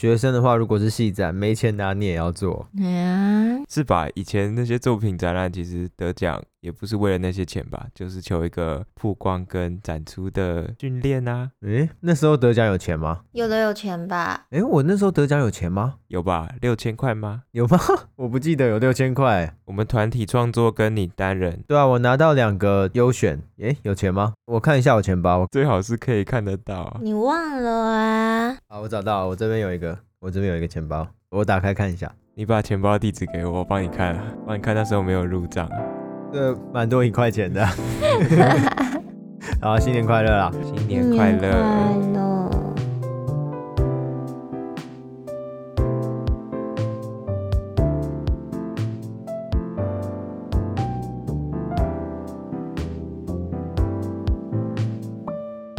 學生的話，如果是戲展沒錢拿，你也要做，yeah. 是吧？以前那些作品展覽，其實得獎。也不是為了那些錢吧，就是求一個曝光跟展出的訓練啊。誒、欸，那時候得獎有錢嗎？有的有錢吧。誒、欸，我那時候得獎有錢嗎？有吧，六千塊嗎？有嗎？ 我不記得有六千塊。我們團體創作跟你單人。對啊，我拿到兩個優選。誒、欸、有錢嗎？我看一下我錢包，最好是可以看得到。你忘了啊？好，我找到了，我這邊有一個，我這邊有一個錢包，我打開看一下。你把錢包地址給我，我幫你看、啊，幫你看，那時候沒有入賬。這，蠻多一塊錢的。 好，新年快樂啊！新年快樂。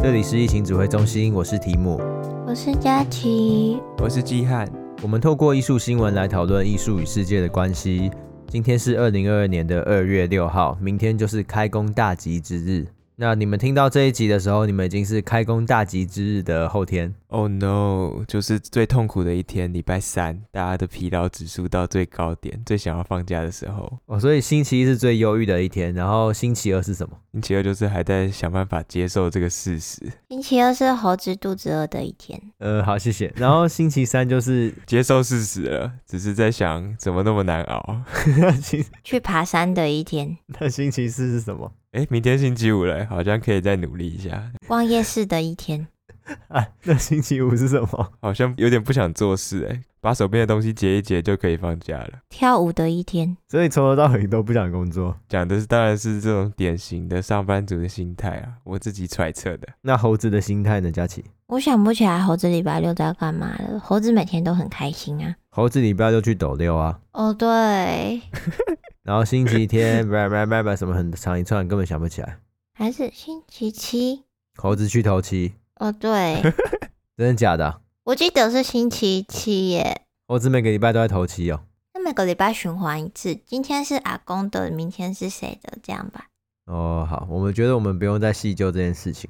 這裡是藝情指揮中心，我是提姆，我是佳琪，我是姬漢。我們透過藝術新聞來討論藝術與世界的關係。今天是二零二二年的二月六號，明天就是開工大吉之日。那你們聽到這一集的時候，你們已經是開工大吉之日的後天。Oh no，就是最痛苦的一天，禮拜三，大家的疲勞指數到最高點，最想要放假的時候。哦，所以星期一是最憂鬱的一天，然後星期二是什麼？星期二就是還在想辦法接受這個事實。星期二是猴子肚子餓的一天。呃，好，謝謝。然後星期三就是 接受事實了，只是在想怎麼那麼難熬。 去爬山的一天。那星期四是什麼？哎，明天星期五了，好像可以再努力一下。逛夜市的一天。啊 哎，那星期五是什麼？好像有點不想做事哎，把手邊的東西結一結就可以放假了。跳舞的一天。所以從頭到尾都不想工作。講的是當然是這種典型的上班族的心態啊，我自己揣測的。那猴子的心態呢，佳琪？我想不起來猴子禮拜六都要幹嘛了。猴子每天都很開心啊。猴子禮拜六去抖六啊。哦、oh,，對。 然後星期天， 什麼很長一串，根本想不起來。還是星期七？猴子去頭七？哦，對， 真的假的？我記得是星期七耶。猴子每個禮拜都在頭七哦、喔。那每個禮拜循環一次。今天是阿公的，明天是誰的？這樣吧。哦，好，我們覺得我們不用再細究這件事情。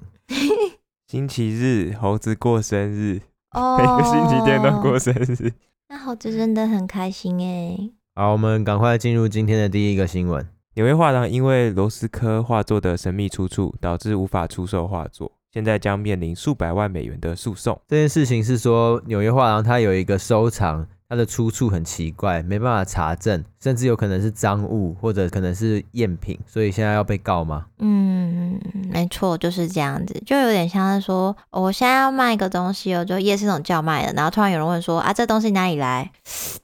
星期日，猴子過生日。哦，每個星期天都過生日。那猴子真的很開心哎。好，我們趕快進入今天的第一個新聞。紐約畫廊因為羅斯科畫作的神祕出處，導致無法出售畫作，現在將面臨數百萬美元的訴訟。這件事情是說，紐約畫廊它有一個收藏，它的出處很奇怪，沒辦法查證。甚至有可能是贓物，或者可能是贗品，所以現在要被告嗎？嗯，沒錯，就是這樣子，就有點像是說，我現在要賣一個東西哦，就夜市那種叫賣的，然後突然有人問說，啊，這東西哪裡來？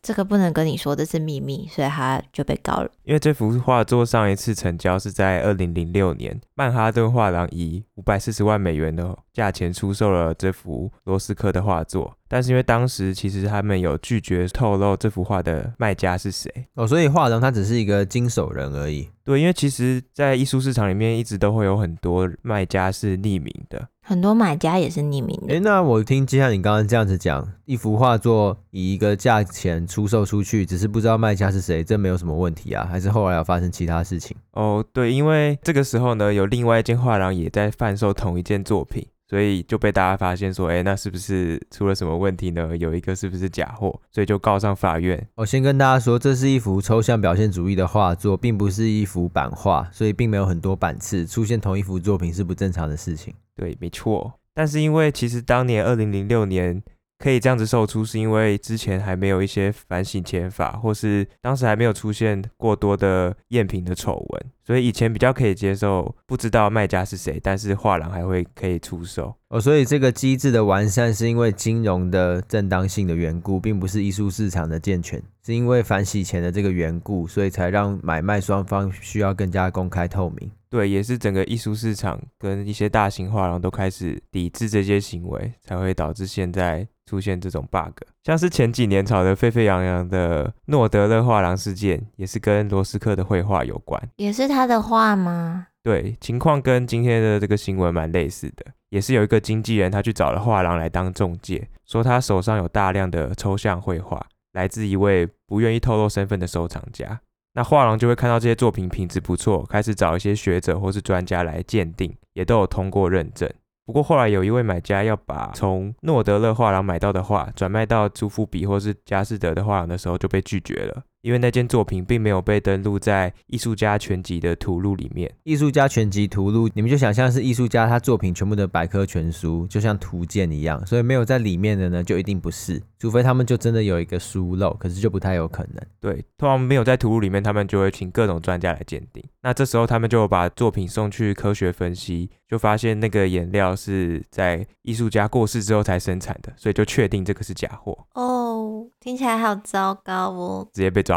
這個不能跟你說，這是秘密，所以他就被告了。因為這幅畫作上一次成交是在二零零六年，曼哈頓畫廊以五百四十萬美元的價錢出售了這幅羅斯科的畫作，但是因為當時其實他們有拒絕透露這幅畫的賣家是誰。哦。所以畫廊它只是一個經手人而已。對，因為其實，在藝術市場裡面，一直都會有很多賣家是匿名的，很多買家也是匿名的。哎，那我聽就像你剛剛這樣子講，一幅畫作以一個價錢出售出去，只是不知道賣家是誰，這沒有什麼問題啊？還是後來有發生其他事情？哦，對，因為這個時候呢，有另外一間畫廊也在販售同一件作品。所以就被大家發現說，哎、欸，那是不是出了什麼問題呢？有一個是不是假貨？所以就告上法院。我先跟大家說，這是一幅抽象表現主義的畫作，並不是一幅版畫，所以並沒有很多版次。出現同一幅作品是不正常的事情。對，沒錯。但是因為其實當年二零零六年可以這樣子售出，是因為之前還沒有一些反洗錢法，或是當時還沒有出現過多的贗品的醜聞。所以以前比較可以接受，不知道賣家是誰，但是畫廊還會可以出售。哦，所以這個機制的完善是因為金融的正當性的緣故，並不是藝術市場的健全，是因為反洗錢的這個緣故，所以才讓買賣雙方需要更加公開透明。對，也是整個藝術市場跟一些大型畫廊都開始抵制這些行為，才會導致現在出現這種 bug。像是前幾年炒得沸沸揚揚的諾德勒畫廊事件，也是跟羅斯科的繪畫有關。也是他的畫嗎？對，情況跟今天的這個新聞蠻類似的。也是有一個經紀人他去找了畫廊來當中介，說他手上有大量的抽象繪畫，來自一位不願意透露身份的收藏家。那畫廊就會看到這些作品品質不錯，開始找一些學者或是專家來鑑定，也都有通過認證。不過後來有一位買家要把從諾德勒畫廊買到的畫轉賣到蘇富比或是佳士得的畫廊的時候，就被拒絕了。因為那件作品並沒有被登錄在《藝術家全集》的圖錄裡面，《藝術家全集》圖錄你們就想象是藝術家他作品全部的百科全書，就像圖鑑一樣，所以沒有在裡面的呢，就一定不是，除非他們就真的有一個疏漏，可是就不太有可能。對，通常沒有在圖錄裡面，他們就會請各種專家來鑑定。那這時候他們就把作品送去科學分析，就發現那個顏料是在藝術家過世之後才生產的，所以就確定這個是假貨。哦，聽起來好糟糕哦，直接被抓。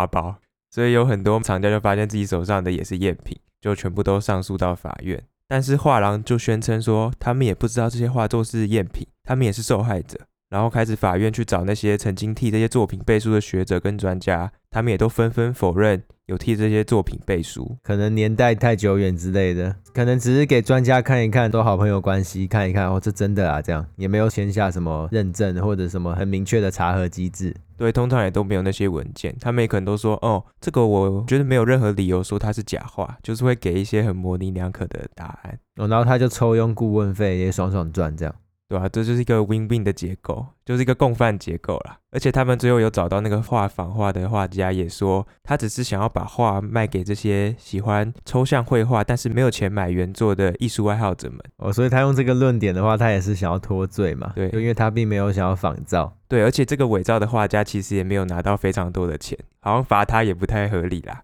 所以有很多廠家就發現自己手上的也是贗品，就全部都上訴到法院。但是畫廊就宣稱說，他們也不知道這些畫作是贗品，他們也是受害者。然後開始，法院去找那些曾經替這些作品背書的學者跟專家，他們也都紛紛否認有替這些作品背書，可能年代太久遠之類的，可能只是給專家看一看，都好朋友關係看一看，哦，這真的啊，這樣也沒有簽下什麼認證或者什麼很明確的查核機制。對，通常也都沒有那些文件，他們也可能都說，哦，這個我覺得沒有任何理由說它是假話，就是會給一些很模稜兩可的答案，哦，然後他就抽佣顧問費，也爽爽賺這樣。對啊，這就是一個 win-win 的結構，就是一個共犯結構啦。而且他們最後有找到那個畫仿畫的畫家，也說他只是想要把畫賣給這些喜歡抽象繪畫但是沒有錢買原作的藝術愛好者們哦。所以他用這個論點的話，他也是想要脫罪嘛？對，因為他並沒有想要仿造。對，而且這個偽造的畫家其實也沒有拿到非常多的錢，好像罰他也不太合理啦。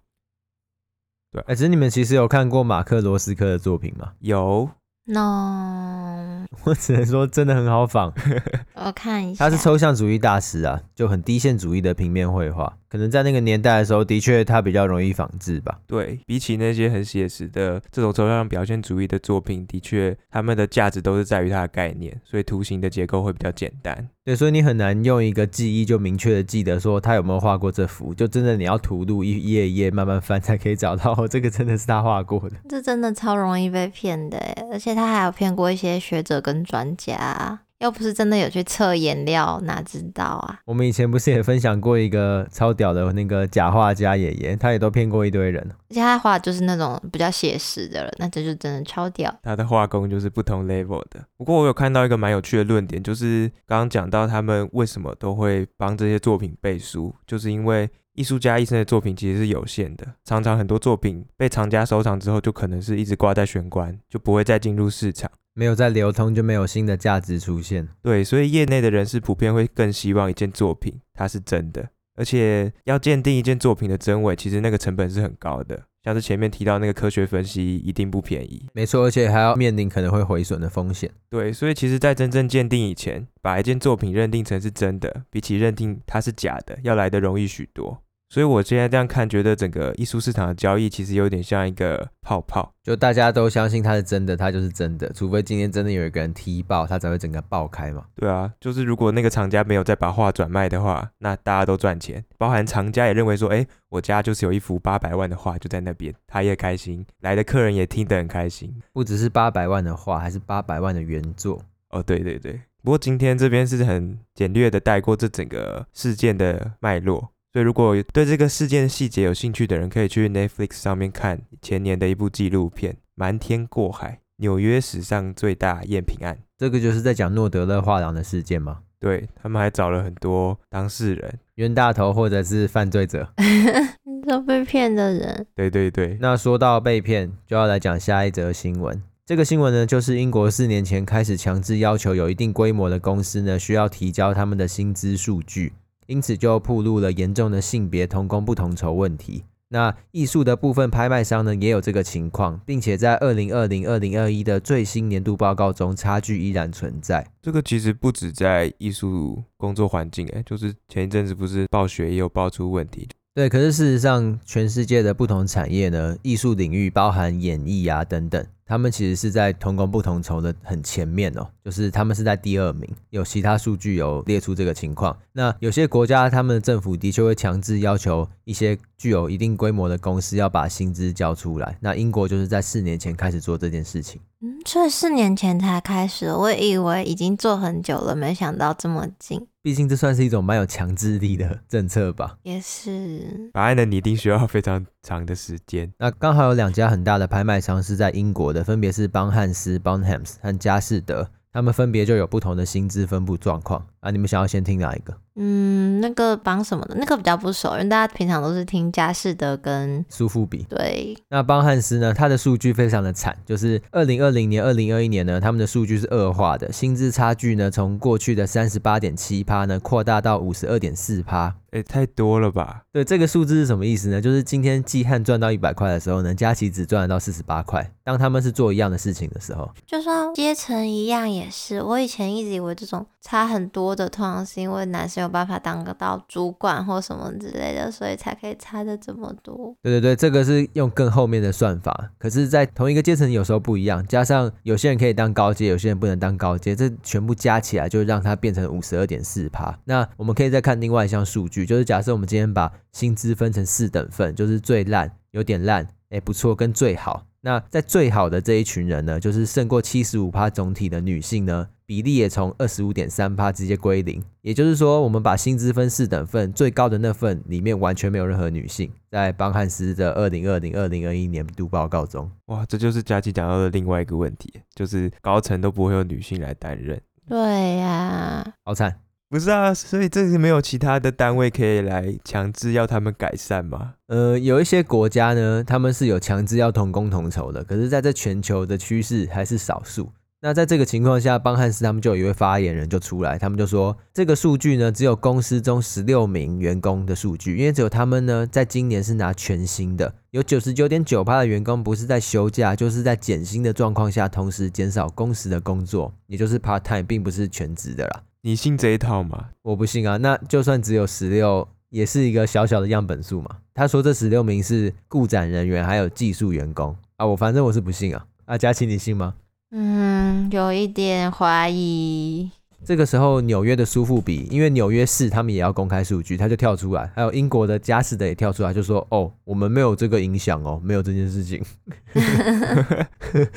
對，而且是你們其實有看過馬克羅斯科的作品嗎？有。那我只能說，真的很好仿。 我看一下，他是抽象主義大師啊，就很低限主義的平面繪畫。可能在那個年代的時候，的確它比較容易仿製吧。對，比起那些很寫實的這種抽象表現主義的作品，的確，他們的價值都是在於它的概念，所以圖形的結構會比較簡單。對，所以你很難用一個記憶就明確的記得說他有沒有畫過這幅，就真的你要圖錄一頁一頁慢慢翻才可以找到這個真的是他畫過的。這真的超容易被騙的，而且他還有騙過一些學者跟專家。又不是真的有去測顏料，哪知道啊？我們以前不是也分享過一個超屌的那個假畫家爺爺，他也都騙過一堆人，而且他畫就是那種比較寫實的了，那這就真的超屌。他的畫工就是不同 level 的。不過我有看到一個蠻有趣的論點，就是剛剛講到他們為什麼都會幫這些作品背書，就是因為藝術家一生的作品其實是有限的，常常很多作品被藏家收藏之後，就可能是一直掛在玄關，就不會再進入市場。沒有在流通，就沒有新的價值出現。對，所以業內的人士普遍會更希望一件作品它是真的，而且要鑑定一件作品的真偽，其實那個成本是很高的。像是前面提到那個科學分析，一定不便宜。沒錯，而且還要面臨可能會毀損的風險。對，所以其實，在真正鑑定以前，把一件作品認定成是真的，比起認定它是假的，要來得容易許多。所以我現在這樣看，覺得整個藝術市場的交易其實有點像一個泡泡，就大家都相信它是真的，它就是真的，除非今天真的有一個人踢爆它，才會整個爆開嘛。對啊，就是如果那個廠家沒有再把畫轉賣的話，那大家都賺錢，包含廠家也認為說，哎、欸，我家就是有一幅八百萬的畫就在那邊，他也開心，來的客人也聽得很開心。不只是八百萬的畫，還是八百萬的原作。哦，對對對。不過今天這邊是很簡略的帶過這整個事件的脈絡。所以，如果對這個事件的細節有興趣的人，可以去 Netflix 上面看前年的一部紀錄片《瞞天過海：紐約史上最大贗品案》。這個就是在講諾德勒畫廊的事件嗎？對，他們還找了很多當事人、冤大頭或者是犯罪者， 都被騙的人。對對對，那說到被騙，就要來講下一則新聞。這個新聞呢，就是英國四年前開始強制要求有一定規模的公司呢，需要提交他們的薪資數據。因此，就暴露了嚴重的性別同工不同酬問題。那藝術的部分拍賣商呢，也有這個情況，並且在二零二零二零二一的最新年度報告中，差距依然存在。這個其實不止在藝術工作環境，哎，就是前一陣子不是暴雪也有爆出問題？對，可是事實上，全世界的不同產業呢，藝術領域包含演藝啊等等。他們其實是在同工不同酬的很前面哦，就是他們是在第二名。有其他數據有列出這個情況。那有些國家，他們的政府的確會強制要求一些具有一定規模的公司要把薪資交出來。那英國就是在四年前開始做這件事情。嗯，所以四年前才開始，我以為已經做很久了，沒想到這麼近。畢竟，這算是一種蠻有強制力的政策吧？也是，法案的擬定需要非常長的時間。那剛好有兩家很大的拍賣商是在英國的，分別是邦瀚斯 Bonhams 和佳士得，他們分別就有不同的薪資分布狀況。啊，你們想要先聽哪一個？嗯，那個邦什麼的，那個比較不熟，因為大家平常都是聽佳士得跟蘇富比。對，那邦瀚斯呢，他的數據非常的慘，就是二零二零年、二零二一年呢，他們的數據是惡化的，薪資差距呢，從過去的三十八點七趴呢，擴大到五十二點四趴。哎、欸，太多了吧？對，這個數字是什麼意思呢？就是今天季漢賺到一百塊的時候呢，佳琪只賺得到四十八塊。當他們是做一樣的事情的時候，就算階層一樣也是。我以前一直以為這種差很多的，通常是因為男生，沒有辦法當個到主管或什麼之類的，所以才可以差得這麼多。對對對，這個是用更後面的算法，可是，在同一個階層有時候不一樣，加上有些人可以當高階，有些人不能當高階，這全部加起來就讓它變成五十二點四趴。那我們可以再看另外一項數據，就是假設我們今天把薪資分成四等份，就是最爛、有點爛、哎、欸、不錯跟最好。那在最好的這一群人呢，就是勝過七十五趴總體的女性呢，比例也從二十五點三趴直接歸零。也就是說，我們把薪資分四等份，最高的那份裡面完全沒有任何女性。在邦漢斯的二零二零二零二一年度報告中，哇，這就是佳琪講到的另外一個問題，就是高層都不會有女性來擔任。對呀、啊，好慘。不是啊，所以這是沒有其他的單位可以來強制要他們改善嗎？呃，有一些國家呢，他們是有強制要同工同酬的，可是在這全球的趨勢還是少數。那在這個情況下，邦瀚斯他們就有一位發言人就出來，他們就說，這個數據呢，只有公司中十六名員工的數據，因為只有他們呢，在今年是拿全薪的，有九十九點九趴的員工不是在休假，就是在減薪的狀況下，同時減少工時的工作，也就是 part time，並不是全職的啦。你信這一套嗎？我不信啊！那就算只有十六，也是一個小小的樣本數嘛。他說這十六名是僱展人員還有技術員工啊，我反正我是不信啊。啊，佳琪，你信嗎？嗯，有一點懷疑。這個時候，紐約的蘇富比，因為紐約市他們也要公開數據，他就跳出來。還有英國的佳士得也跳出來，就說：“哦，我們沒有這個影響哦，沒有這件事情。 ”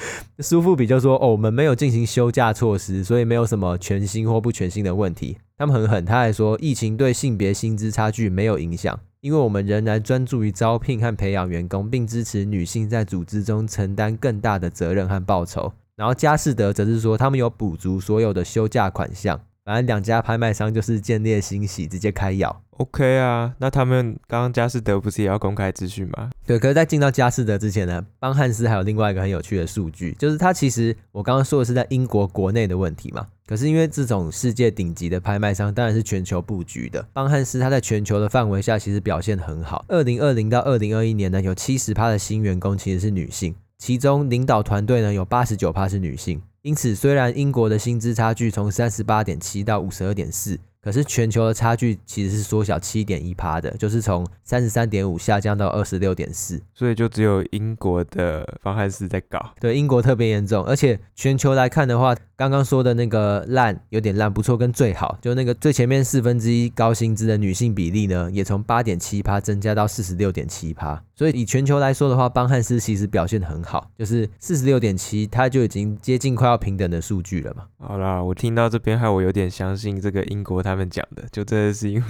蘇富比就說：“哦，我們沒有進行休假措施，所以沒有什麼全新或不全新的問題。”他們很狠，他還說：“疫情對性別薪資差距沒有影響，因為我們仍然專注於招聘和培養員工，並支持女性在組織中承擔更大的責任和報酬。”然後佳士得則是說，他們有補足所有的休假款項。反正兩家拍賣商就是見獵心喜，直接開咬。OK 啊，那他們剛剛佳士得不是也要公開資訊嗎？對，可是，在進到佳士得之前呢，邦瀚斯還有另外一個很有趣的數據，就是他其實我剛剛說的是在英國國內的問題嘛。可是因為這種世界頂級的拍賣商當然是全球布局的，邦瀚斯他在全球的範圍下其實表現很好。二零二零到二零二一年呢，有七十趴的新員工其實是女性。其中領導團隊呢，有八十九趴是女性，因此雖然英國的薪資差距從三十八點七到五十二點四。可是全球的差距其實是縮小七點一趴的，就是從三十三點五下降到二十六點四，所以就只有英國的邦瀚斯在搞，對，英國特別嚴重。而且全球來看的話，剛剛說的那個爛有點爛，不錯跟最好，就那個最前面四分之一高薪資的女性比例呢，也從八點七趴增加到四十六點七趴，所以以全球來說的話，邦瀚斯其實表現得很好，就是四十六點七，它就已經接近快要平等的數據了嘛。好啦，我聽到這邊，害我有點相信這個英國它。他們講的就真的是因為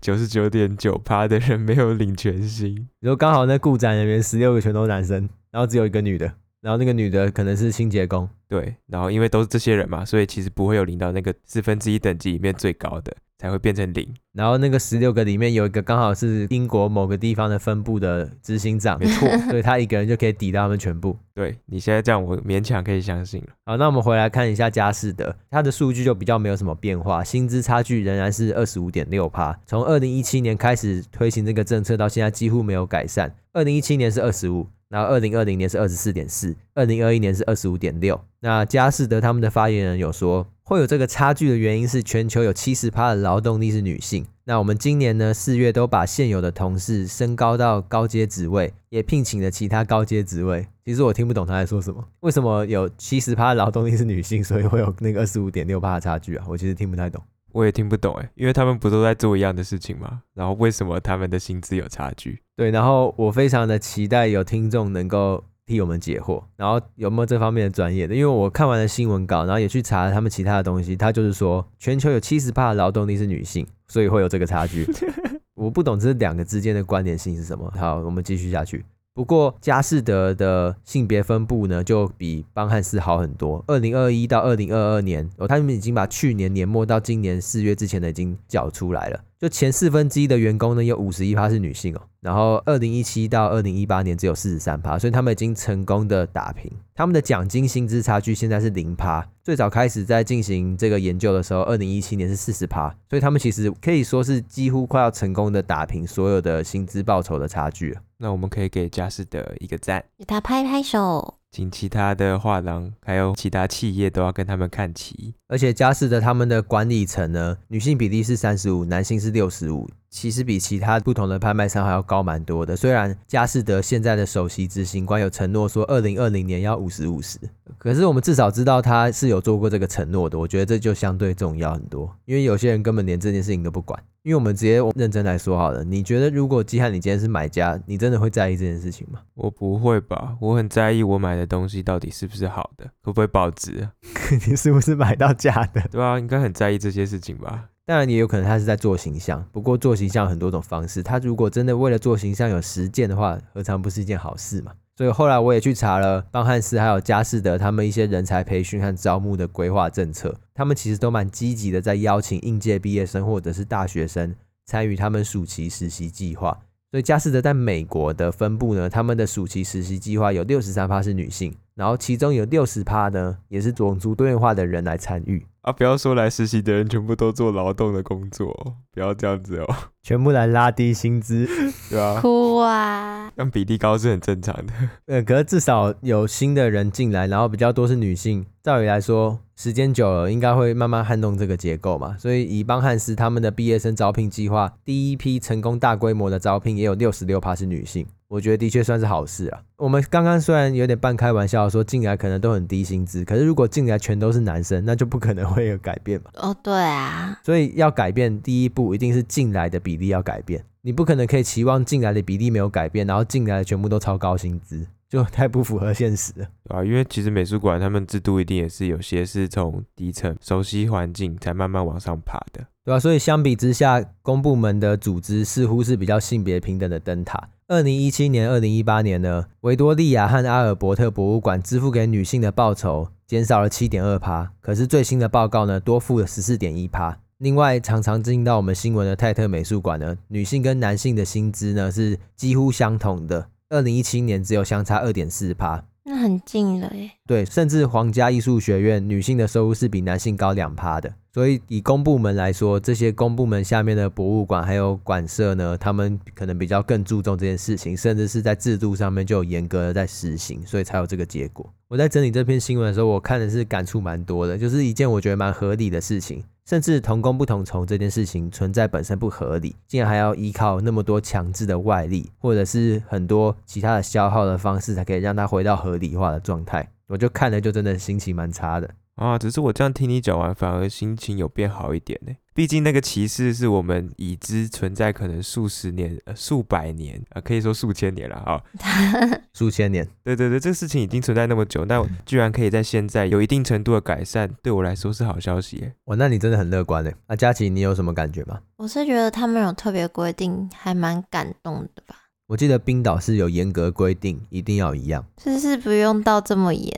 九十九點九趴的人沒有領全薪，比如 說剛好那顧展人員十六個全都是男生，然後只有一個女的，然後那個女的可能是清潔工。對，然後因為都是這些人嘛，所以其實不會有領到那個四分之一等級裡面最高的才會變成零。然後那個十六個裡面有一個剛好是英國某個地方的分部的執行長，沒錯，對 所以他一個人就可以抵到他們全部。對，你現在這樣，我勉強可以相信了。好，那我們回來看一下佳士得，它的數據就比較沒有什麼變化，薪資差距仍然是二十五點六趴。從二零一七年開始推行這個政策到現在幾乎沒有改善。二零一七年是二十五，然後二零二零年是二十四點四，二零二一年是二十五點六。那佳士得他們的發言人有說，會有這個差距的原因是全球有七十趴的勞動力是女性。那我們今年呢四月都把現有的同事升高到高階職位，也聘請了其他高階職位。其實我聽不懂他在說什麼。為什麼有七十趴的勞動力是女性，所以會有那個二十五點六趴的差距啊？我其實聽不太懂。我也聽不懂誒，因為他們不都在做一樣的事情嗎？然後為什麼他們的薪資有差距？對，然後我非常的期待有聽眾能夠。替我們解惑，然後有沒有這方面的專業的？因為我看完了新聞稿，然後也去查了他們其他的東西。他就是說，全球有七十趴勞動力是女性，所以會有這個差距。 我不懂這是兩個之間的關聯性是什麼。好，我們繼續下去。不過佳士得的性別分佈呢，就比邦瀚斯好很多。二零二一到二零二二年，哦，他們已經把去年年末到今年四月之前的已經繳出來了。就前四分之一的員工呢，有五十一趴是女性哦、喔，然後二零一七到二零一八年只有四十三趴，所以他們已經成功的打平，他們的獎金薪資差距現在是零趴。最早開始在進行這個研究的時候，二零一七年是四十趴，所以他們其實可以說是幾乎快要成功的打平所有的薪資報酬的差距了。那我們可以給佳士得一個讚，給他拍拍手，請其他的畫廊還有其他企業都要跟他們看齊。而且佳士得他們的管理層呢，女性比例是三十五，男性是六十五，其實比其他不同的拍賣商還要高蠻多的。雖然佳士得現在的首席執行官有承諾說二零二零年要五十五十，可是我們至少知道他是有做過這個承諾的。我覺得這就相對重要很多，因為有些人根本連這件事情都不管。因為我們直接認真來說好了，你覺得如果假設你今天是買家，你真的會在意這件事情嗎？我不會吧，我很在意我買的東西到底是不是好的，會不會保值， 你是不是買到？假的，對啊，應該很在意這些事情吧？當然也有可能他是在做形象，不過做形象有很多種方式。他如果真的為了做形象有實踐的話，何嘗不是一件好事嘛？所以後來我也去查了邦漢斯還有嘉士德他們一些人才培訓和招募的規劃政策，他們其實都蠻積極的在邀請應屆畢業生或者是大學生參與他們暑期實習計劃。所以嘉士德在美國的分部呢，他們的暑期實習計劃有六十三趴是女性。然後其中有六十趴呢，也是種族多元化的人來參與啊！不要說來實習的人全部都做勞動的工作哦，不要這樣子哦，全部來拉低薪資， 啊哭啊！那比例高是很正常的。呃，可是至少有新的人進來，然後比較多是女性。照理來說，時間久了應該會慢慢撼動這個結構嘛。所以以邦漢斯他們的畢業生招聘計劃，第一批成功大規模的招聘也有六十六趴是女性。我覺得的確算是好事啊。我們剛剛雖然有點半開玩笑說進來可能都很低薪資，可是如果進來全都是男生，那就不可能會有改變嘛。哦，對啊。所以要改變，第一步一定是進來的比例要改變。你不可能可以期望進來的比例沒有改變，然後進來的全部都超高薪資，就太不符合現實了。對啊，因為其實美術館他們制度一定也是有些是從底層熟悉環境才慢慢往上爬的，對吧？對啊，所以相比之下，公部門的組織似乎是比較性別平等的燈塔。二零一七年、二零一八年呢，維多利亞和阿爾伯特博物館支付給女性的報酬減少了七點二趴。可是最新的報告呢，多付了十四點一趴。另外，常常進到我們新聞的泰特美術館呢，女性跟男性的薪資呢是幾乎相同的，二零一七年只有相差二點四趴。那很近了誒，對，甚至皇家藝術學院女性的收入是比男性高兩趴的，所以以公部門來說，這些公部門下面的博物館還有館舍呢，他們可能比較更注重這件事情，甚至是在制度上面就有嚴格的在實行，所以才有這個結果。我在整理這篇新聞的時候，我看的是感觸蠻多的，就是一件我覺得蠻合理的事情。甚至同工不同酬這件事情存在本身不合理，竟然還要依靠那麼多強制的外力，或者是很多其他的消耗的方式，才可以讓它回到合理化的狀態，我就看了就真的心情蠻差的。啊，只是我這樣聽你講完，反而心情有變好一點呢。畢竟那個歧視是我們已知存在可能數十年，呃、數百年啊、呃，可以說數千年了啊。哦。數千年，對對對，這個事情已經存在那麼久，但居然可以在現在有一定程度的改善，對我來說是好消息。哦，那你真的很樂觀呢。啊，佳琪，你有什麼感覺嗎？我是覺得他們有特別規定，還蠻感動的吧。我記得冰島是有嚴格規定，一定要一樣。就是不用到這麼嚴。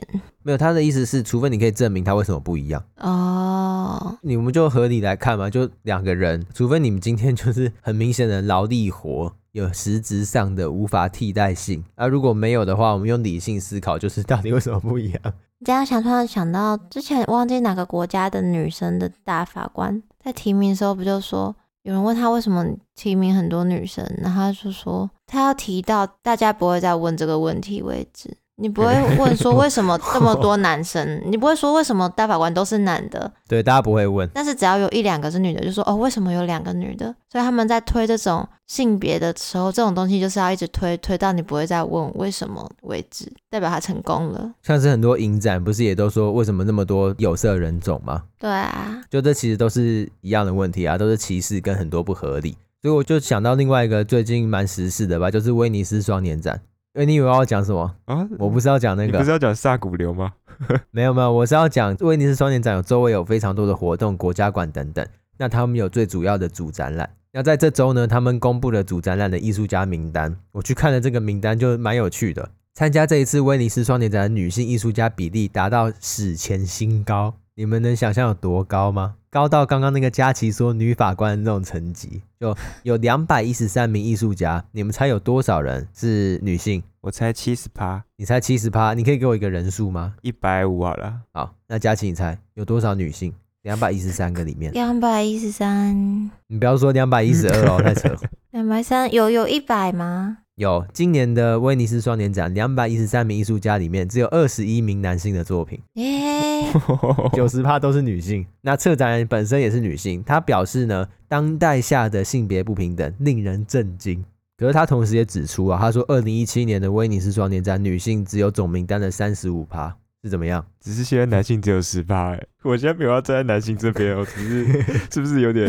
沒有，他的意思是，除非你可以證明他為什麼不一樣。哦。你們就合理來看嘛，就兩個人，除非你們今天就是很明顯的勞力活，有實質上的無法替代性。啊，如果沒有的話，我們用理性思考，就是到底為什麼不一樣？你這樣想，突然想到之前忘記哪個國家的女生的大法官在提名的時候，不就說有人問他為什麼提名很多女生，然後他就說。他要提到大家不會再問這個問題為止，你不會問說為什麼這麼多男生， 你不會說為什麼大法官都是男的，對，大家不會問。但是只要有一兩個是女的，就說哦，為什麼有兩個女的？所以他們在推這種性別的時候，這種東西就是要一直推，推到你不會再問為什麼為止，代表他成功了。像是很多影展，不是也都說為什麼那麼多有色人種嗎？對啊，就這其實都是一樣的問題啊，都是歧視跟很多不合理。所以我就想到另外一個最近蠻時事的吧，就是威尼斯雙年展。哎，你以為我要講什麼啊？我不是要講那個，不是要講薩古流嗎？ 沒有沒有，我是要講威尼斯雙年展，有周圍有非常多的活動，國家館等等。那他們有最主要的主展覽。那在這周呢，他們公布了主展覽的藝術家名單。我去看了這個名單，就蠻有趣的。參加這一次威尼斯雙年展的女性藝術家比例達到史前新高。你們能想象有多高嗎？高到剛剛那個佳琪說女法官的那種層級，就有兩百一十三名藝術家。你們猜有多少人是女性？我猜七十趴。你猜七十趴？你可以給我一個人數嗎？一百五好了。好，那佳琪，你猜有多少女性？兩百一十三個裡面。兩百一十三。你不要說兩百一十二哦， 太扯了。兩百三有有一百嗎？有今年的威尼斯雙年展，兩百一十三名藝術家裡面只有二十一名男性的作品90，九十趴都是女性。那策展人本身也是女性，她表示呢，當代下的性別不平等令人震驚。可是她同時也指出啊，她說二零一七年的威尼斯雙年展女性只有總名單的三十五趴是怎麼樣？只是現在男性只有十趴，哎，我現在沒有要站在男性這邊，哦，只是是不是有點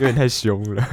有點太凶了？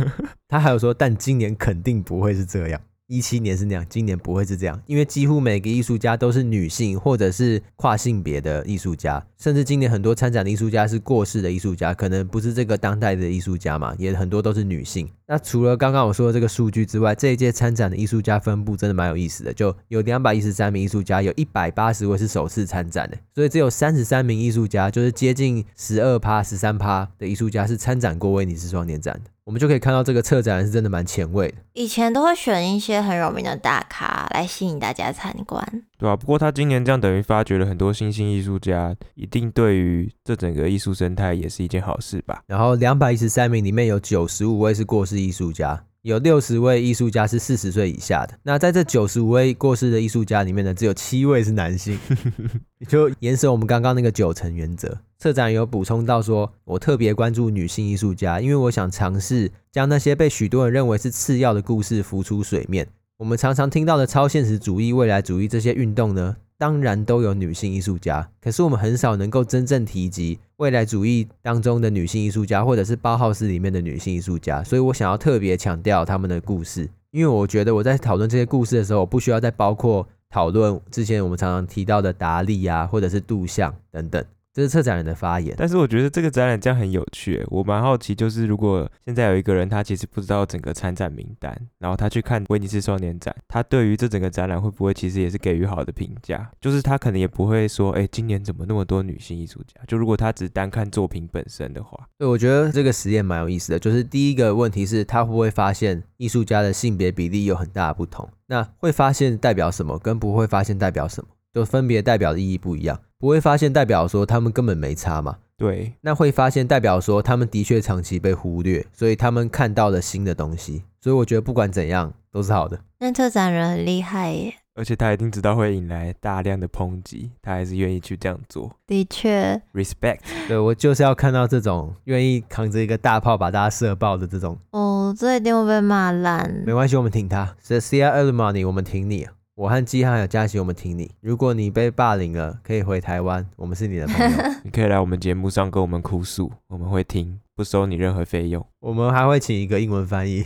她還有說，但今年肯定不會是這樣。一七年是那樣，今年不會是這樣，因為幾乎每個藝術家都是女性或者是跨性別的藝術家，甚至今年很多參展的藝術家是過世的藝術家，可能不是這個當代的藝術家嘛，也很多都是女性。那除了剛剛我說的這個數據之外，這一屆參展的藝術家分布真的蠻有意思的，就有兩百一十三名藝術家，有一百八十位是首次參展的，所以只有三十三名藝術家，就是接近十二趴、十三趴的藝術家是參展過威尼斯雙年展的。我們就可以看到這個策展人是真的蠻前衛的，以前都會選一些很有名的大咖來吸引大家參觀，對啊。不過他今年這樣等於發掘了很多新興藝術家，一定對於這整個藝術生態也是一件好事吧。然後兩百一十三名裡面有九十五位是過世藝術家，有六十位藝術家是四十歲以下的。那在這九十五位過世的藝術家裡面呢，只有七位是男性。 就延伸我們剛剛那個九成原則，策展人有補充到說，我特別關注女性藝術家，因為我想嘗試將那些被許多人認為是次要的故事浮出水面。我們常常聽到的超現實主義、未來主義這些運動呢，當然都有女性藝術家，可是我們很少能夠真正提及未來主義當中的女性藝術家，或者是包浩斯裡面的女性藝術家，所以我想要特別強調她們的故事，因為我覺得我在討論這些故事的時候，我不需要再包括討論之前我們常常提到的達利啊，或者是杜象等等。這是策展人的發言，但是我覺得這個展覽這樣很有趣，我蠻好奇，就是如果現在有一個人，他其實不知道整個參展名單，然後他去看威尼斯雙年展，他對於這整個展覽會不會其實也是給予好的評價？就是他可能也不會說，誒，今年怎麼那麼多女性藝術家？就如果他只單看作品本身的話，對，我覺得這個實驗蠻有意思的。就是第一個問題是，他會不會發現藝術家的性別比例有很大的不同？那會發現代表什麼，跟不會發現代表什麼，就分別代表的意義不一樣。不會發現代表說他們根本沒差嘛？對，那會發現代表說他們的確長期被忽略，所以他們看到了新的東西。所以我覺得不管怎樣都是好的。那策展人很厲害耶，而且他一定知道會引來大量的抨擊，他還是願意去這樣做。的確，respect。對我就是要看到這種願意扛着一個大炮把大家射爆的這種。哦，這一定會被罵爛。沒關係，我們挺他。Cecilia Alemani，我們挺你啊。我和雞漢有嘉琪，我們挺你。如果你被霸凌了，可以回台灣，我們是你的朋友。你可以來我們節目上跟我們哭訴，我們會聽，不收你任何費用。我們還會請一個英文翻譯。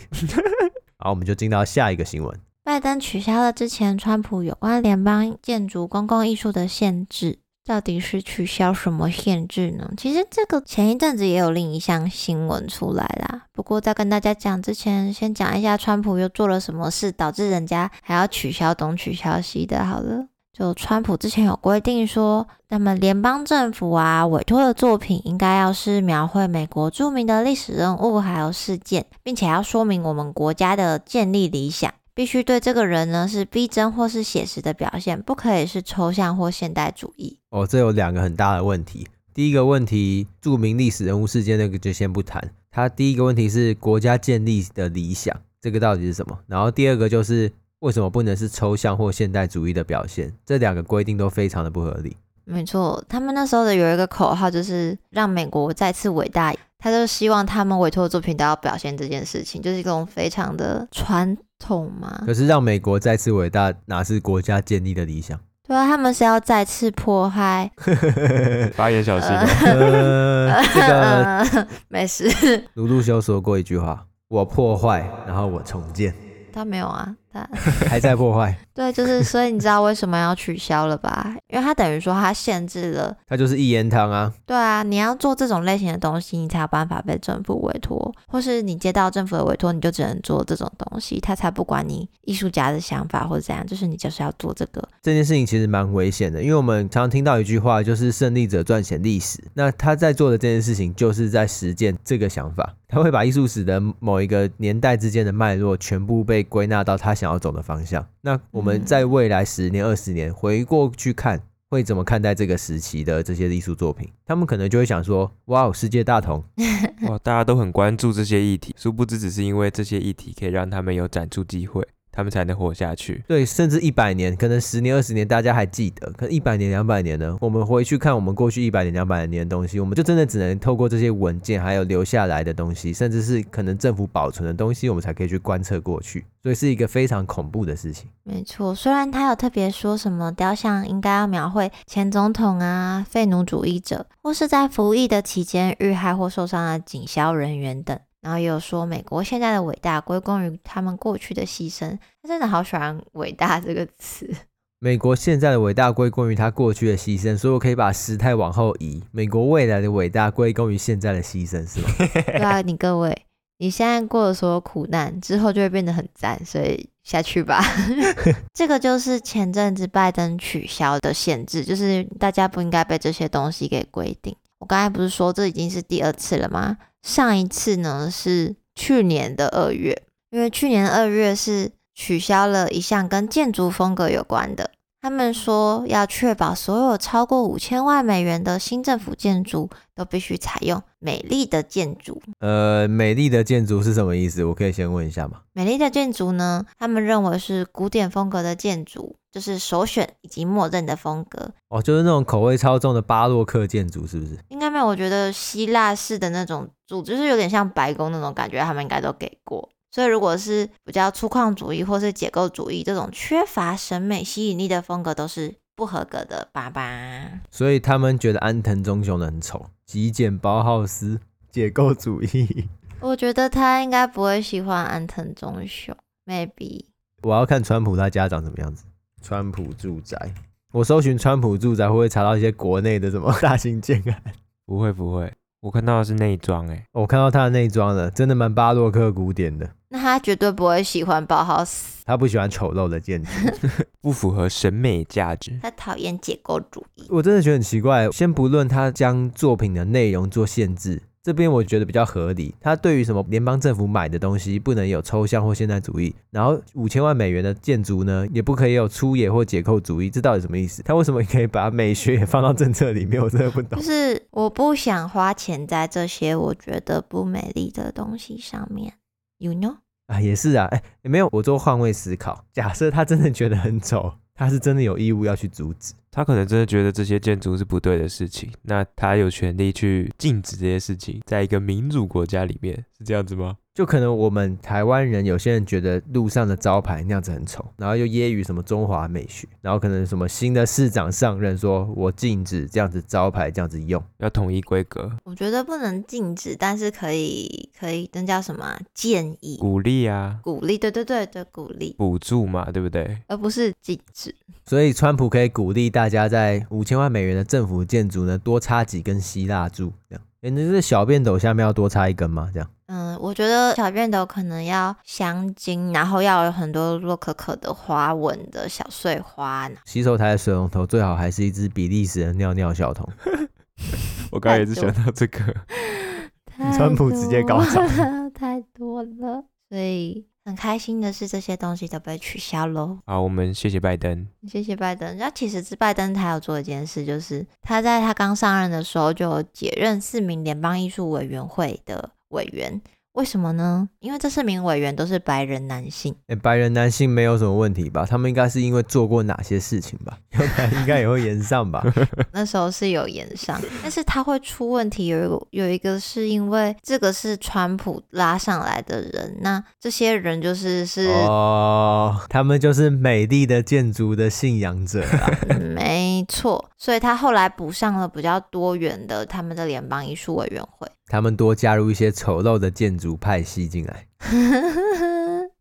好，我們就進到下一個新聞。拜登取消了之前川普有關聯邦建築公共藝術的限制。到底是取消什麼限制呢？其實這個前一陣子也有另一項新聞出來啦。不過在跟大家講之前，先講一下川普又做了什麼事，導致人家還要取消東取消西的。好了，就川普之前有規定說，那麼聯邦政府啊，委托的作品，應該要是描繪美國著名的歷史人物還有事件，並且要說明我們國家的建立理想。必須對這個人呢，是逼真或是寫實的表現，不可以是抽象或現代主義。哦，這有兩個很大的問題。第一個問題，著名歷史人物事件那個就先不談。他第一個問題是國家建立的理想，這個到底是什麼？然後第二個就是為什麼不能是抽象或現代主義的表現？這兩個規定都非常的不合理。沒錯，他們那時候的有一個口號就是讓美國再次偉大。他就希望他們委托作品都要表現這件事情，就是一種非常的傳。痛嗎？可是讓美國再次偉大，哪是國家建立的理想？對啊，他們是要再次破壞。發言小心、 呃 呃，這個、呃、沒事。魯路修說過一句話：“我破壞，然後我重建。”他沒有啊。 還在破壞 ，對，就是，所以你知道為什麼要取消了吧？ 因為它等於說它限制了，它就是一言堂啊。對啊，你要做這種類型的東西，你才有辦法被政府委託，或是你接到政府的委託，你就只能做這種東西，他才不管你藝術家的想法或者怎樣，就是你就是要做這個。這件事情其實蠻危險的，因為我們常常聽到一句話，就是勝利者撰寫歷史。那他在做的這件事情，就是在實踐這個想法。他會把藝術史的某一個年代之間的脈絡全部被歸納到他想要走的方向。那我們在未來十年、二十年回過去看，會怎麼看待這個時期的這些藝術作品？他們可能就會想說：“哇，世界大同，哇，大家都很關注這些議題。”殊不知，只是因為這些議題可以讓他們有展出機會。他們才能活下去。對，甚至一百年，可能十年、二十年，大家還記得；可能一百年、兩百年呢。我們回去看我們過去一百年、兩百年的東西，我們就真的只能透過這些文件，還有留下來的東西，甚至是可能政府保存的東西，我們才可以去觀測過去。所以是一個非常恐怖的事情。沒錯，雖然他有特別說什麼雕像應該要描繪前總統啊、廢奴主義者，或是在服役的期間遇害或受傷的警消人員等。然後也有說，美國現在的偉大歸功於他們過去的犧牲。他真的好喜歡“偉大”這個詞。美國現在的偉大歸功於他過去的犧牲，所以我可以把時態往後移。美國未來的偉大歸功於現在的犧牲，是嗎？ 對啊，你各位，你現在過了所有苦難之後就會變得很讚，所以下去吧。 這個就是前陣子拜登取消的限制，就是大家不應該被這些東西給規定。我剛才不是說這已經是第二次了嗎？上一次呢，是去年的二月，因為去年二月是取消了一項跟建築風格有關的。他們說要確保所有超過五千萬美元的新政府建築都必須採用美麗的建築。呃，美麗的建築是什麼意思？我可以先問一下嗎？美麗的建築呢？他們認為是古典風格的建築，就是首選以及默認的風格。哦，就是那種口味超重的巴洛克建築，是不是？應該沒有。我覺得希臘式的那種組織就是有點像白宮那種感覺，他們應該都給過。所以，如果是比較粗獷主義或是解構主義這種缺乏審美吸引力的風格，都是不合格的爸爸。所以他們覺得安藤忠雄很醜，極簡包浩斯，解構主義。我覺得他應該不會喜歡安藤忠雄，maybe。我要看川普他家長怎麼樣子，川普住宅。我搜尋川普住宅，會不會查到一些國內的什麼大型建案？不會不會，我看到的是內裝，誒，我看到他的內裝了，真的蠻巴洛克古典的。那他絕對不會喜歡包浩斯，他不喜歡醜陋的建築， 不符合審美價值。他討厭解構主義。我真的覺得很奇怪。先不論他將作品的內容做限制，這邊我覺得比較合理。他對於什麼聯邦政府買的東西不能有抽象或現代主義，然後五千萬美元的建築呢，也不可以有粗野或解構主義，這到底什麼意思？他為什麼可以把美學也放到政策裡面？嗯、我真的不懂。就是我不想花錢在這些我覺得不美麗的東西上面。You know 啊，也是啊，哎、欸，也沒有，我做換位思考，假設他真的覺得很醜，他是真的有義務要去阻止。他可能真的覺得這些建築是不對的事情，那他有權利去禁止這些事情，在一個民主國家裡面是這樣子嗎？就可能我們台灣人有些人覺得路上的招牌那樣子很醜，然後又揶揄什麼中華美學，然後可能什麼新的市長上任，說我禁止這樣子招牌這樣子用，要統一規格。我覺得不能禁止，但是可以可以增加什麼、啊、建議、鼓勵啊，鼓勵，對對對對，對鼓勵、補助嘛，對不對？而不是禁止。所以川普可以鼓勵大。大家在五千萬美元的政府建築呢，多插幾根希臘柱，這樣，哎、欸，那是小便斗下面要多插一根嗎？這樣，嗯，我覺得小便斗可能要香精，然後要有很多洛可可的花紋的小碎花。洗手台的水龍頭最好還是一隻比利時的尿尿小桶。 我剛才也是想到這個，川普直接高潮，太多了，所以。很開心的是，這些東西都被取消了。好，我們謝謝拜登。謝謝拜登。那其實，拜登他有做一件事，就是他在他剛上任的時候就解任四名聯邦藝術委員會的委員。為什麼呢？因為這四名委員都是白人男性。哎、欸，白人男性沒有什麼問題吧？他們應該是因為做過哪些事情吧？ 應該也會延上吧？ 那時候是有延上，但是他會出問題有。有有一個是因為這個是川普拉上來的人，那這些人就是是哦，他們就是美麗的建築的信仰者、啊。 沒錯，所以他後來補上了比較多元的他們的聯邦藝術委員會，他們多加入一些醜陋的建。主派吸進來，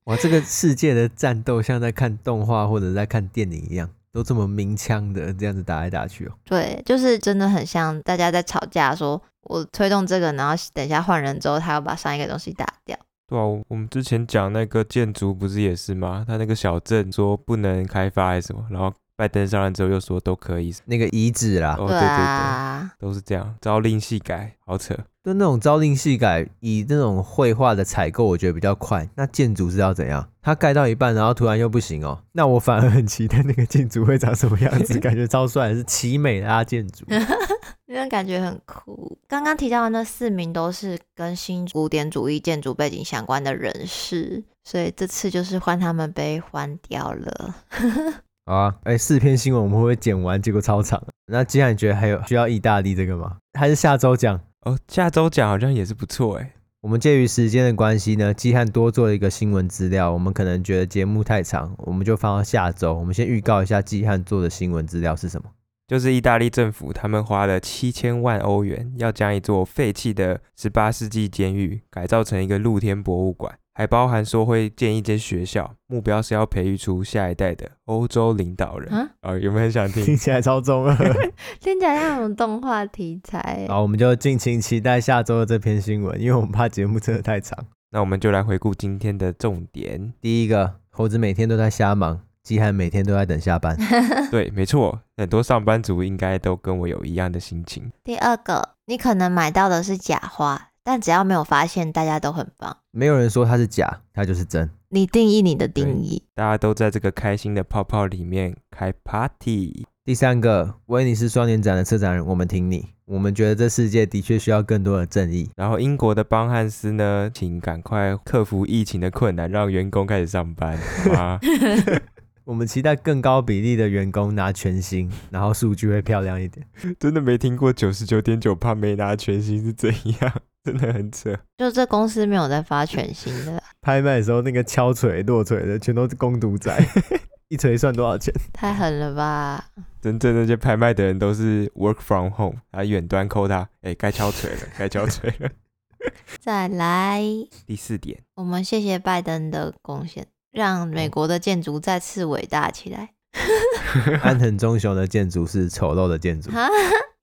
哇！這個世界的戰鬥像在看動畫或者在看電影一樣，都這麼鳴槍的這樣子打來打去哦。對，就是真的很像大家在吵架說，說我推動這個，然後等一下換人之後，他要把上一個東西打掉。對啊，我們之前講那個建築不是也是嗎？他那個小鎮說不能開發還是什麼，然後拜登上來之後又說都可以。那個遺址啦，哦、對，對對對，都是這樣，朝令夕改，好扯。就那種朝令夕改，以那種繪畫的採購，我覺得比較快。那建築是要怎樣？它蓋到一半，然後突然又不行哦、喔。那我反而很期待那個建築會長什麼樣子， 感覺超帥，是奇美拉、啊、建築，哈哈，那種感覺很酷。剛剛提到的那四名都是跟新古典主義建築背景相關的人士，所以這次就是換他們被換掉了。 好啊，哎、欸，四篇新聞我們會不會剪完，結果超長。那既然你覺得還有需要意大利這個嗎？還是下周講？哦，下周講好像也是不錯誒。我們鑒於時間的關係呢，季漢多做了一個新聞資料，我們可能覺得節目太長，我們就放到下周。我們先預告一下季漢做的新聞資料是什麼，就是意大利政府他們花了七千萬歐元，要將一座廢棄的十八世紀監獄改造成一個露天博物館。還包含說會建一間學校，目標是要培育出下一代的歐洲領導人啊、哦！有沒有很想聽？聽起來超中二啊，聽起來像種動畫題材。好，我們就盡情期待下周的這篇新聞，因為我們怕節目真的太長。 那我們就來回顧今天的重點。第一個，猴子每天都在瞎忙，雞漢每天都在等下班。 對，沒錯，很多上班族應該都跟我有一樣的心情。第二個，你可能買到的是假花。但只要沒有發現，大家都很棒。沒有人說他是假，他就是真。你定義你的定義。大家都在這個開心的泡泡裡面開 party。第三個，威尼斯雙年展的策展人，我們挺你。我們覺得這世界的確需要更多的正義。然後，英國的邦瀚斯呢，請趕快克服疫情的困難，讓員工開始上班好嗎？ 我們期待更高比例的員工拿全薪，然後數據會漂亮一點。 真的沒聽過九十九點九趴沒拿全薪是怎樣？真的很扯，就這公司沒有在發全新的、啊。拍賣的時候，那個敲錘落錘的全都是工讀仔， 一錘算多少錢？太狠了吧！真正那些拍賣的人都是 work from home，啊，遠端扣他，哎、欸，該敲錘了，該 敲錘錘了， 再來。第四點，我們謝謝拜登的貢獻，讓美國的建築再次偉大起來。 安藤忠雄的建築是醜陋的建築。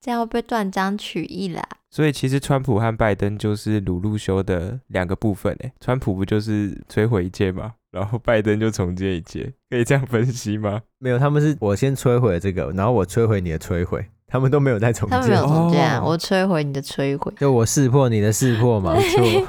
這樣會被斷章取義啦、啊。所以其實川普和拜登就是魯路修的兩個部分哎。川普不就是摧毀一切嘛，然後拜登就重建一切，可以這樣分析嗎？沒有，他們是，我先摧毀這個，然後我摧毀你的摧毀，他們都沒有在重建。他們沒有重建，哦，我摧毀你的摧毀，就我識破你的識破嘛。沒錯。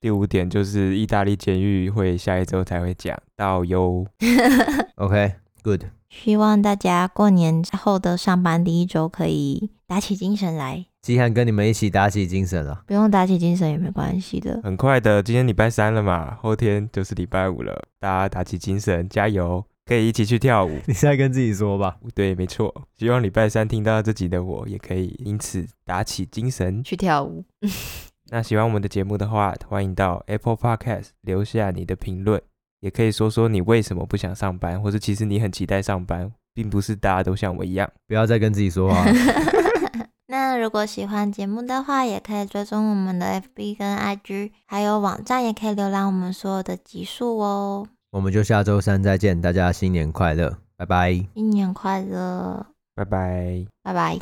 第五點就是意大利監獄會下一周才會講到喲。 OK。Good，希望大家過年之後的上班第一周可以打起精神來。既然跟你們一起打起精神了，不用打起精神也沒關係的。很快的，今天禮拜三了嘛，後天就是禮拜五了，大家打起精神，加油，可以一起去跳舞。 你現在跟自己說吧，對，沒錯。希望禮拜三聽到這集的我，也可以因此打起精神去跳舞。 那喜歡我們的節目的話，歡迎到 Apple Podcast 留下你的評論。也可以說說你為什麼不想上班，或者其實你很期待上班，並不是大家都像我一樣。不要再跟自己說話。 那如果喜歡節目的話，也可以追蹤我們的 FB 跟 IG，還有網站也可以瀏覽我們所有的集數哦。我們就下周三再見，大家新年快樂，拜拜。新年快樂，拜拜，拜拜。